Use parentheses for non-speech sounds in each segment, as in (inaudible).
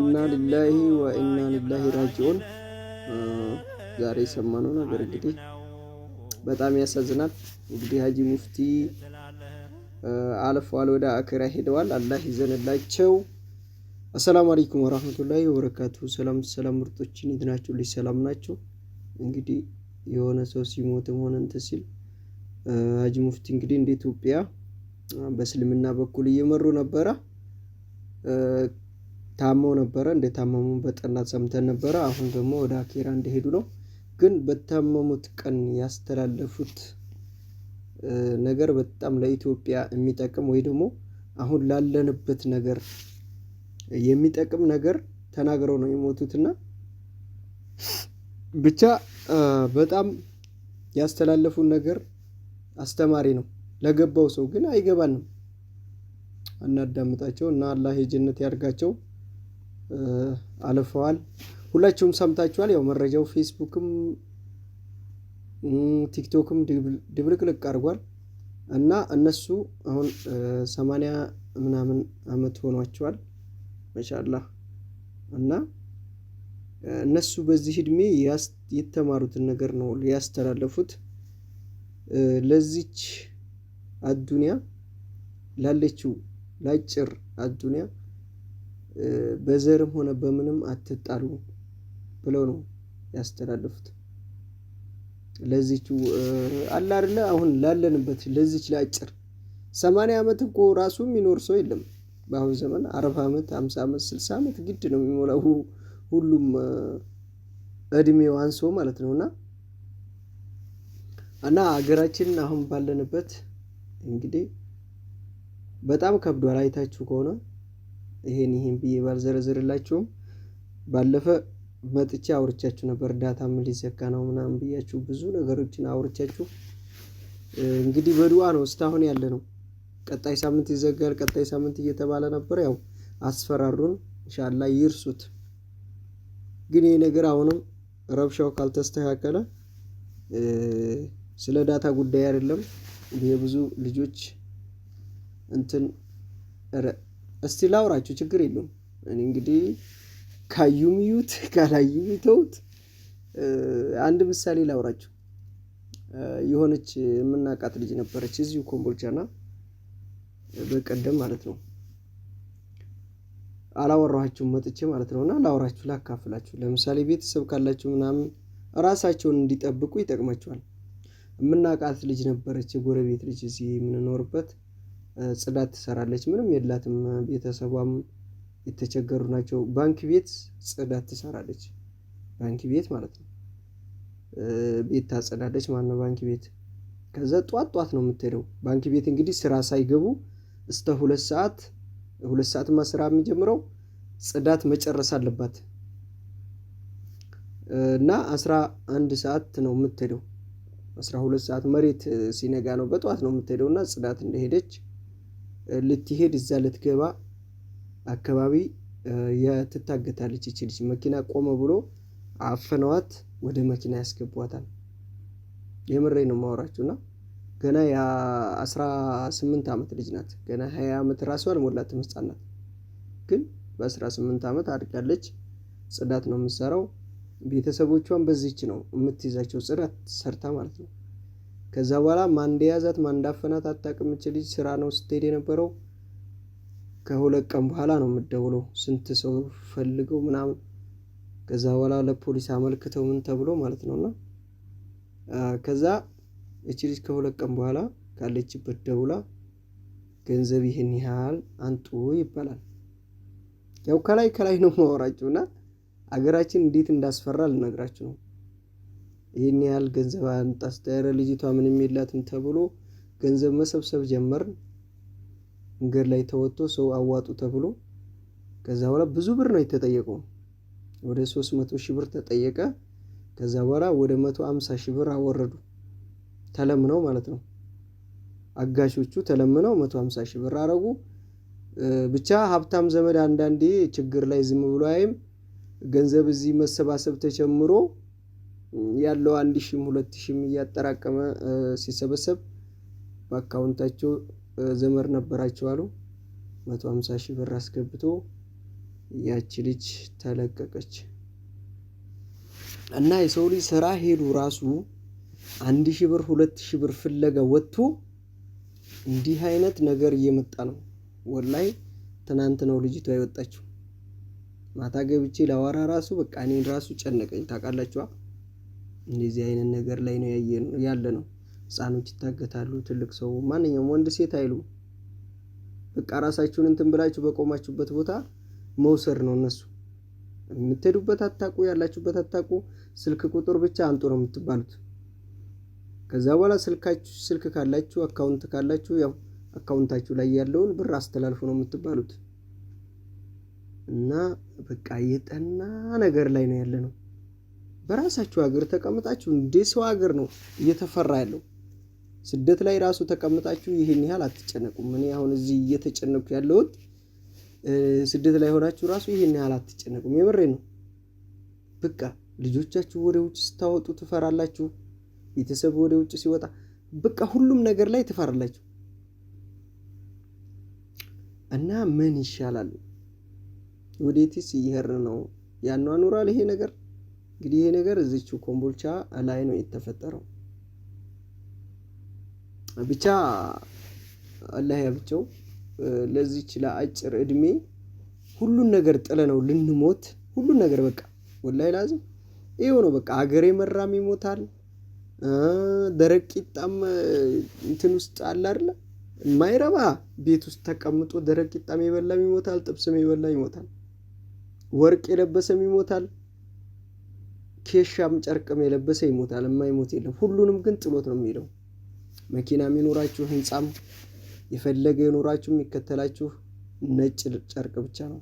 እና ሊላሂ ወኢና ሊላሂ ራጂዑን። ዛሬ የሰማነው ነገር እንግዲህ በጣም ያሳዝናል። እንግዲህ ሀጂ ሙፍቲ አልፈዋል፣ ወደ አክራ ሄደዋል። አላህ ይዘንላቸው። አሰላሙ አለይኩም ወራህመቱላሂ ወበረካቱ። ሰላም ሰላም፣ ምርጦችን ይድናችሁ። ልጅ ሰላም ናቸው። እንግዲህ የሆነ ሰው ሲሞትም ሆነ እንትን ሲል ሀጂ ሙፍቲ እንግዲህ እንደ ኢትዮጵያ በእስልምና በኩል እየመሩ ነበረ ታመው ነበረ እንደታመሙ በጠና ሰምተን ነበረ። አሁን ደግሞ ወደ አኬራ እንደሄዱ ነው። ግን በታመሙት ቀን ያስተላለፉት ነገር በጣም ለኢትዮጵያ የሚጠቅም ወይ ደግሞ አሁን ላለንበት ነገር የሚጠቅም ነገር ተናግረው ነው የሞቱትና ብቻ በጣም ያስተላለፉን ነገር አስተማሪ ነው። ለገባው ሰው ግን አይገባንም። እናዳምጣቸው እና አላህ የጀነት ያርጋቸው። አልፈዋል። ሁላችሁም ሰምታችኋል። ያው መረጃው ፌስቡክም ቲክቶክም ድብልቅልቅ አድርጓል እና እነሱ አሁን ሰማንያ ምናምን አመት ሆኗቸዋል መሻላ እና እነሱ በዚህ እድሜ የተማሩትን ነገር ነው ያስተላለፉት ለዚች አዱኒያ ላለችው ላጭር አዱኒያ በዘርም ሆነ በምንም አትጣሉ ብለው ነው ያስተላለፉት። ለዚች አለ አይደለ አሁን ላለንበት ለዚች ለአጭር ሰማንያ ዓመት እኮ ራሱ የሚኖር ሰው የለም በአሁን ዘመን አርባ ዓመት ሃምሳ ዓመት ስልሳ ዓመት ግድ ነው የሚሞላው ሁሉም እድሜው አንሶ ማለት ነው እና እና ሀገራችን አሁን ባለንበት እንግዲህ በጣም ከብዷል። አይታችሁ ከሆነ ይሄን ይሄን ብዬ ባልዘረዝርላችሁም ባለፈ መጥቼ አውርቻችሁ ነበር። ዳታ ምን ሊዘጋ ነው ምናምን ብያችሁ ብዙ ነገሮችን አውርቻችሁ እንግዲህ በዱዓ ነው እስካሁን ያለ ነው። ቀጣይ ሳምንት ይዘጋል፣ ቀጣይ ሳምንት እየተባለ ነበር። ያው አስፈራሩን። እንሻላ ይርሱት። ግን ይህ ነገር አሁንም ረብሻው ካልተስተካከለ ስለ ዳታ ጉዳይ አይደለም የብዙ ልጆች እንትን እስቲ ላውራችሁ ችግር የለውም። እኔ እንግዲህ ካዩም ይዩት (laughs) ካላዩም አንድ ምሳሌ ላውራችሁ። የሆነች የምናቃት ልጅ ነበረች እዚሁ ኮምቦልቻና በቀደም ማለት ነው አላወራኋችሁም መጥቼ ማለት ነው እና ላውራችሁ ላካፍላችሁ። ለምሳሌ ቤተሰብ ካላችሁ ምናምን ራሳቸውን እንዲጠብቁ ይጠቅማቸዋል። የምናቃት ልጅ ነበረች፣ የጎረቤት ልጅ እዚህ የምንኖርበት ጽዳት ትሰራለች ምንም የላትም ቤተሰቧም የተቸገሩ ናቸው ባንክ ቤት ጽዳት ትሰራለች ባንክ ቤት ማለት ነው። ቤት ታጸዳለች ማለት ነው ባንክ ቤት ከዛ ጠዋት ጠዋት ነው የምትሄደው ባንክ ቤት እንግዲህ ስራ ሳይገቡ እስከ ሁለት ሰዓት ሁለት ሰዓትማ ስራ የሚጀምረው ጽዳት መጨረስ አለባት። እና አስራ አንድ ሰዓት ነው የምትሄደው አስራ ሁለት ሰዓት መሬት ሲነጋ ነው በጠዋት ነው የምትሄደው እና ጽዳት እንደሄደች ልትሄድ እዛ ልትገባ አካባቢ የትታገታለች ይቺ ልጅ። መኪና ቆመ ብሎ አፍነዋት ወደ መኪና ያስገቧታል። የምሬ ነው ማወራችሁ እና ገና የአስራ ስምንት ዓመት ልጅ ናት። ገና ሀያ ዓመት ራሱ አልሞላትም ህፃን ናት። ግን በአስራ ስምንት ዓመት አድጋለች። ጽዳት ነው የምትሰራው። ቤተሰቦቿን በዚች ነው የምትይዛቸው፣ ጽዳት ሰርታ ማለት ነው። ከዛ በኋላ ማን እንደያዛት ማን እንዳፈናት አታውቅም። እች ልጅ ስራ ነው ስትሄድ የነበረው። ከሁለት ቀን በኋላ ነው የምደውለው፣ ስንት ሰው ፈልገው ምናምን። ከዛ በኋላ ለፖሊስ አመልክተው ምን ተብሎ ማለት ነው እና ከዛ እች ልጅ ከሁለት ቀን በኋላ ካለችበት ደውላ ገንዘብ ይህን ያህል አንጡ ይባላል። ያው ከላይ ከላይ ነው ማወራችሁ እና አገራችን እንዴት እንዳስፈራ ልነግራችሁ ነው። ይህን ያህል ገንዘብ አንጣስተረ ልጅቷ ምንም የላትም ተብሎ ገንዘብ መሰብሰብ ጀመር መንገድ ላይ ተወጥቶ ሰው አዋጡ ተብሎ ከዛ በኋላ ብዙ ብር ነው የተጠየቀው። ወደ 300 ሺህ ብር ተጠየቀ። ከዛ በኋላ ወደ መቶ አምሳ ሺህ ብር አወረዱ። ተለምነው ማለት ነው። አጋሾቹ ተለምነው መቶ ሺህ ብር አረጉ። ብቻ ሀብታም ዘመድ አንዳንዴ ችግር ላይ ዝም ብሎ አይም ገንዘብ እዚህ መሰባሰብ ተጀምሮ። ያለው አንድ ሺም ሁለት ሺም እያጠራቀመ ሲሰበሰብ በአካውንታቸው ዘመር ነበራቸው አሉ መቶ ሀምሳ ሺህ ብር አስገብቶ ያቺ ልጅ ተለቀቀች። እና የሰው ልጅ ስራ ሄዱ ራሱ አንድ ሺህ ብር ሁለት ሺህ ብር ፍለጋ ወጥቶ እንዲህ አይነት ነገር እየመጣ ነው። ወላይ ትናንት ነው ልጅቷ አይወጣችው ማታ ገብቼ ራሱ በቃ እኔን ራሱ ጨነቀኝ ታውቃላችኋ። እንደዚህ አይነት ነገር ላይ ነው ያለ ነው። ህፃኖች ይታገታሉ። ትልቅ ሰው ማንኛውም ወንድ ሴት አይሉ በቃ ራሳችሁን እንትን ብላችሁ በቆማችሁበት ቦታ መውሰድ ነው እነሱ። የምትሄዱበት አታቁ፣ ያላችሁበት አታቁ ስልክ ቁጥር ብቻ አንጡ ነው የምትባሉት። ከዛ በኋላ ስልካችሁ ስልክ ካላችሁ አካውንት ካላችሁ ያው አካውንታችሁ ላይ ያለውን ብር አስተላልፉ ነው የምትባሉት። እና በቃ የጠና ነገር ላይ ነው ያለ ነው። በራሳችሁ ሀገር ተቀምጣችሁ እንደ ሰው ሀገር ነው እየተፈራ ያለው። ስደት ላይ ራሱ ተቀምጣችሁ ይህን ያህል አትጨነቁም። እኔ አሁን እዚህ እየተጨነኩ ያለሁት ስደት ላይ ሆናችሁ ራሱ ይህን ያህል አትጨነቁም። የምሬ ነው። በቃ ልጆቻችሁ ወደ ውጭ ስታወጡ ትፈራላችሁ። ቤተሰብ ወደ ውጭ ሲወጣ በቃ ሁሉም ነገር ላይ ትፈራላችሁ እና ምን ይሻላል? ወዴትስ እየሄድን ነው? ያኗኑራል ይሄ ነገር እንግዲህ ይሄ ነገር እዚች ኮምቦልቻ ላይ ነው የተፈጠረው። ብቻ አላህ ያብቸው። ለዚች ለአጭር እድሜ ሁሉን ነገር ጥለ ነው ልንሞት፣ ሁሉን ነገር በቃ ወላሂ ላዝም ይኸው ነው በቃ። ሀገሬ መራም ይሞታል፣ ደረቅ ቂጣም እንትን ውስጥ አለ አይደለ የማይረባ ቤት ውስጥ ተቀምጦ ደረቅ ቂጣም ይበላም ይሞታል፣ ጥብስም የበላም ይሞታል፣ ወርቅ የለበሰም ይሞታል። ኬሻም ጨርቅም የለበሰ ይሞታል፣ የማይሞት የለም። ሁሉንም ግን ጥሎት ነው የሚለው መኪናም ይኖራችሁ፣ ህንፃም የፈለገ ይኖራችሁ፣ የሚከተላችሁ ነጭ ጨርቅ ብቻ ነው።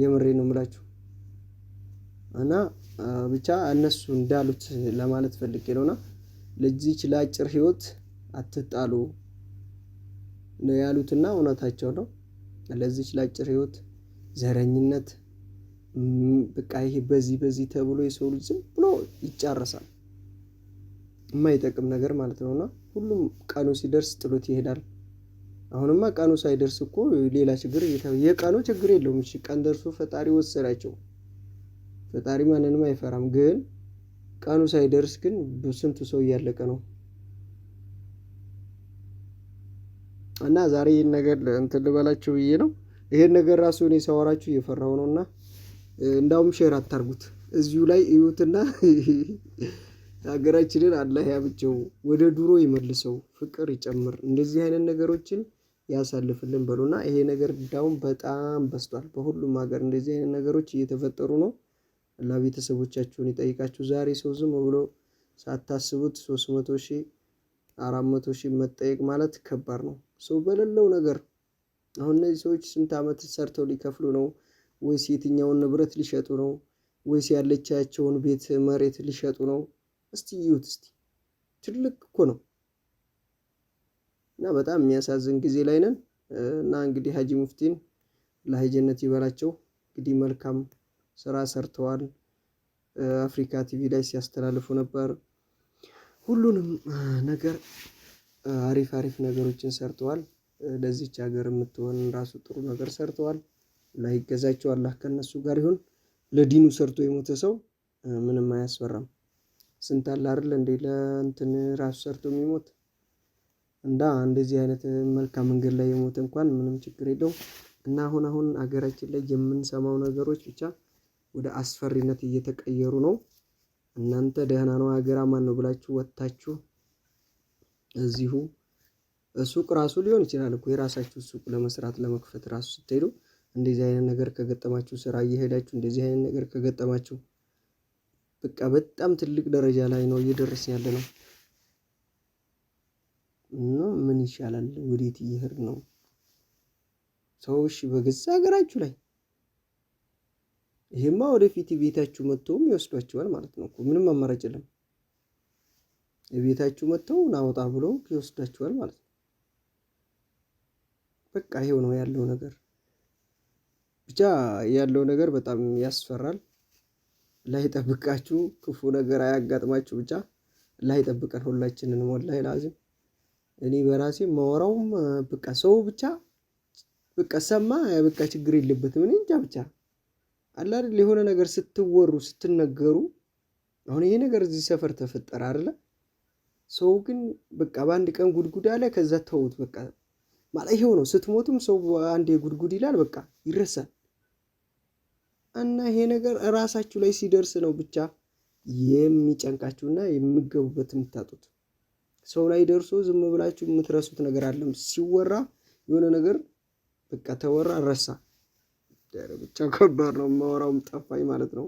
የምሬ ነው የምላችሁ እና ብቻ እነሱ እንዳሉት ለማለት ፈልጌ ነውና ለዚች ለአጭር ህይወት አትጣሉ ነው ያሉትና እውነታቸው ነው። ለዚች ለአጭር ህይወት ዘረኝነት በቃ ይሄ በዚህ በዚህ ተብሎ የሰው ልጅ ዝም ብሎ ይጫረሳል። የማይጠቅም ነገር ማለት ነው። እና ሁሉም ቀኑ ሲደርስ ጥሎት ይሄዳል። አሁንማ ቀኑ ሳይደርስ እኮ ሌላ ችግር የቀኑ ችግር የለውም። እሺ ቀን ደርሶ ፈጣሪ ወሰዳቸው። ፈጣሪ ማንንም አይፈራም። ግን ቀኑ ሳይደርስ ግን ስንቱ ሰው እያለቀ ነው። እና ዛሬ ይህን ነገር እንትን ልበላችሁ ብዬ ነው። ይሄን ነገር ራሱ እኔ ሳወራችሁ እየፈራሁ ነው እና እንዳውም ሼር አታርጉት፣ እዚሁ ላይ እዩትና (laughs) ሀገራችንን አላህ ያብጀው፣ ወደ ድሮ ይመልሰው፣ ፍቅር ይጨምር፣ እንደዚህ አይነት ነገሮችን ያሳልፍልን በሉና ይሄ ነገር እንዳውም በጣም በስቷል። በሁሉም ሀገር እንደዚህ አይነት ነገሮች እየተፈጠሩ ነው። እና ቤተሰቦቻችሁን ይጠይቃችሁ። ዛሬ ሰው ዝም ብሎ ሳታስቡት ሶስት መቶ ሺህ አራት መቶ ሺህ መጠየቅ ማለት ከባድ ነው። ሰው በሌለው ነገር አሁን እነዚህ ሰዎች ስንት ዓመት ሰርተው ሊከፍሉ ነው ወይስ የትኛውን ንብረት ሊሸጡ ነው? ወይስ ያለቻቸውን ቤት መሬት ሊሸጡ ነው? እስቲ እዩት፣ እስቲ ትልቅ እኮ ነው እና በጣም የሚያሳዝን ጊዜ ላይ ነን እና እንግዲህ ሀጂ ሙፍቲን ለሀይጀነት ይበላቸው። እንግዲህ መልካም ስራ ሰርተዋል። አፍሪካ ቲቪ ላይ ሲያስተላልፉ ነበር። ሁሉንም ነገር አሪፍ አሪፍ ነገሮችን ሰርተዋል። ለዚች ሀገር የምትሆን ራሱ ጥሩ ነገር ሰርተዋል። ላይገዛቸው አላህ ከነሱ ጋር ይሁን። ለዲኑ ሰርቶ የሞተ ሰው ምንም አያስፈራም። ስንት አለ አይደል እንዴ ለእንትን ራሱ ሰርቶ የሚሞት እንዳ እንደዚህ አይነት መልካም መንገድ ላይ የሞተ እንኳን ምንም ችግር የለው። እና አሁን አሁን አገራችን ላይ የምንሰማው ነገሮች ብቻ ወደ አስፈሪነት እየተቀየሩ ነው። እናንተ ደህና ነው ሀገር ማን ነው ብላችሁ ወጥታችሁ እዚሁ ሱቅ ራሱ ሊሆን ይችላል እኮ የራሳችሁ ሱቅ ለመስራት ለመክፈት ራሱ ስትሄዱ እንደዚህ አይነት ነገር ከገጠማችሁ ስራ እየሄዳችሁ እንደዚህ አይነት ነገር ከገጠማችሁ በቃ በጣም ትልቅ ደረጃ ላይ ነው እየደረስን ያለ ነው። እና ምን ይሻላል? ወዴት እየሄድን ነው? ሰዎች በገዛ ሀገራችሁ ላይ ይሄማ ወደፊት ቤታችሁ መጥተውም ይወስዷቸዋል ማለት ነው። ምንም አማራጭ የለም። ቤታችሁ መጥተው ናውጣ ብለው ይወስዷቸዋል ማለት ነው። በቃ ይሄው ነው ያለው ነገር። ብቻ ያለው ነገር በጣም ያስፈራል። ላይ ጠብቃችሁ ክፉ ነገር አያጋጥማችሁ። ብቻ አላህ ይጠብቀን ሁላችንንም። ወላሂ ላዚም እኔ በራሴ ማወራውም በቃ ሰው ብቻ በቃ ሰማ በቃ ችግር የለበትም። እኔ እንጃ ብቻ አለ አይደል የሆነ ነገር ስትወሩ ስትነገሩ፣ አሁን ይሄ ነገር እዚህ ሰፈር ተፈጠረ አይደለ? ሰው ግን በቃ በአንድ ቀን ጉድጉድ አለ፣ ከዛ ተውት በቃ ማለት ይሄው ነው። ስትሞቱም ሰው አንድ ጉድጉድ ይላል፣ በቃ ይረሳል። እና ይሄ ነገር እራሳችሁ ላይ ሲደርስ ነው ብቻ የሚጨንቃችሁና የምገቡበት የምታጡት። ሰው ላይ ደርሶ ዝም ብላችሁ የምትረሱት ነገር አለም። ሲወራ የሆነ ነገር በቃ ተወራ ረሳ። ብቻ ከባድ ነው። የማወራውም ጠፋኝ ማለት ነው።